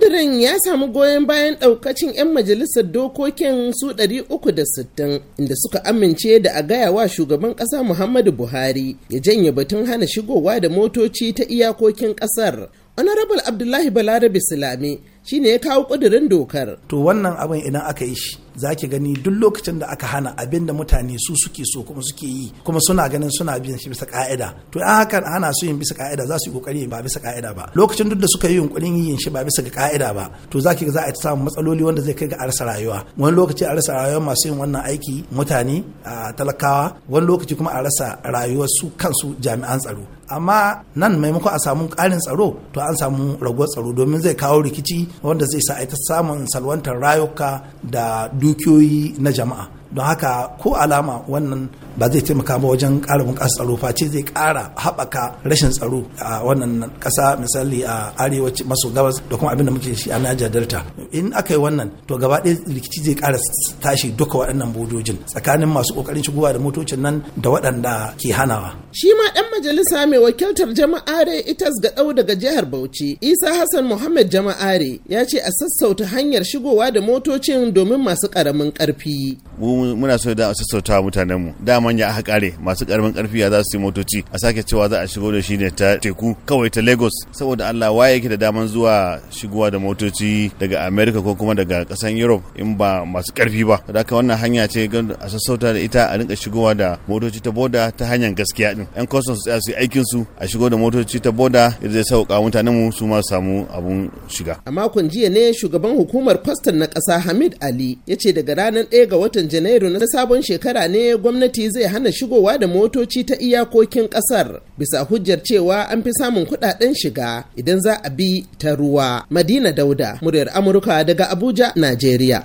ƙudurin ya samu goyon bayan ɗaukacin 'yan majalisar dokokin su 360 inda suka amince da a gaya wa shugaban ƙasa muhammadu buhari ya janye batun hana shigowa da motoci ta iyakokin ƙasar honorable abdullahi balarabe shi shine ya kawo ƙudurin dokar to wannan abin idan aka yi shi za ki gani duk lokacin da aka hana abin da mutane su suke so kuma suke yi kuma suna ganin suna bin shi bisa ka'ida to in haka hana su yin bisa ka'ida za su yi kokari ba bisa ka'ida ba lokacin duk da suka yi yunkurin yin shi ba bisa ga ka'ida ba to za ki za a samu matsaloli wanda zai kai ga arsa rayuwa wani lokaci a rasa rayuwar masu yin wannan aiki mutane a talakawa wani lokaci kuma a rasa rayuwar su kansu jami'an tsaro amma nan maimako a samu ƙarin tsaro to an samu raguwar tsaro domin zai kawo rikici wanda zai sa ita samun salwantar rayuka da dukiyoyi na jama'a don haka ko alama wannan ba zai taimaka ba wajen ƙara bunƙasa tsaro face zai ƙara haɓaka rashin tsaro a wannan ƙasa misali a arewaci maso gabas da kuma abin da muke shi a Niger Delta in aka yi wannan to gaba ɗaya rikici zai ƙara tashi duka waɗannan bodojin tsakanin masu ƙoƙarin shigowa da motocin nan da waɗanda ke hanawa shi ma ɗan majalisa mai wakiltar jama'are itas ga ɗau daga jihar Bauchi Isa Hassan Muhammad jama'are ya ce a sassauta hanyar shigowa da motocin domin masu ƙaramin ƙarfi muna so da a sassauta mutanenmu da manya aka kare masu karamin karfi ya za su yi motoci a sake cewa za a shigo da shi ne ta teku kawai ta Lagos saboda Allah waye yake da daman zuwa shigowa da motoci daga America ko kuma daga kasan Europe in ba masu karfi ba da haka wannan hanya ce a sassauta da ita a rinka shigowa da motoci ta boda ta hanyar gaskiya din yan kwastam su tsaya su yi aikin su a shigo da motoci ta boda yadda zai sauka mutanenmu su ma samu abun shiga a makon jiya ne shugaban hukumar kwastam na kasa Hamid Ali ya ce daga ranar 1 ga watan Janairu Janairu na sabon shekara ne gwamnati zai hana shigowa da motoci ta iyakokin ƙasar bisa hujjar cewa an fi samun kuɗaɗen shiga idan za a bi ta ruwa. Madina Dauda, muryar Amurka daga Abuja, Najeriya.